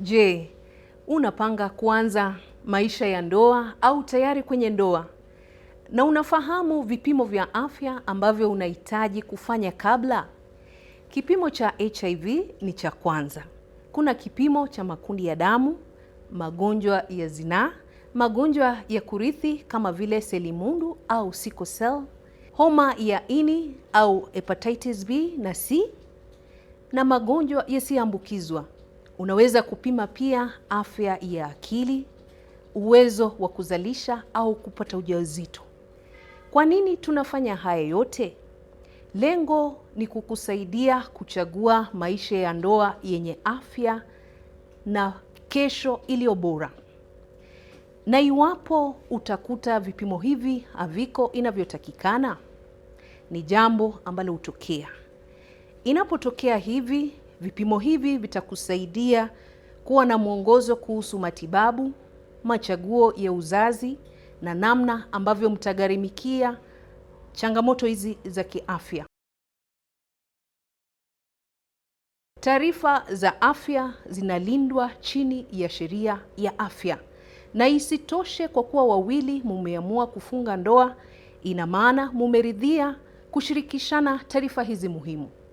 Je, unapanga kuanza maisha ya ndoa au tayari kwenye ndoa? Na unafahamu vipimo vya afya ambavyo unahitaji kufanya kabla? Kipimo cha HIV ni cha kwanza. Kuna kipimo cha makundi ya damu, magonjwa ya zinaa, magonjwa ya kurithi kama vile selimundu au sickle cell, homa ya ini au hepatitis B na C na magonjwa yasiyoambukizwa Unaweza kupima pia afya ya akili, uwezo wa kuzalisha au kupata ujauzito. Kwa nini tunafanya haya yote? Lengo ni kukusaidia kuchagua maisha ya ndoa yenye afya na kesho iliyo bora. Na iwapo utakuta vipimo hivi haviko inavyotakikana, ni jambo ambalo hutokea. Inapotokea hivi Vipimo hivi vitakusaidia kuwa na mwongozo kuhusu matibabu, machaguo ya uzazi na namna ambavyo mtagharimikia changamoto hizi za kiafya. Taarifa za afya zinalindwa chini ya sheria ya afya. Na isitoshe, kwa kuwa wawili mumeamua kufunga ndoa, ina maana mumeridhia kushirikishana taarifa hizi muhimu.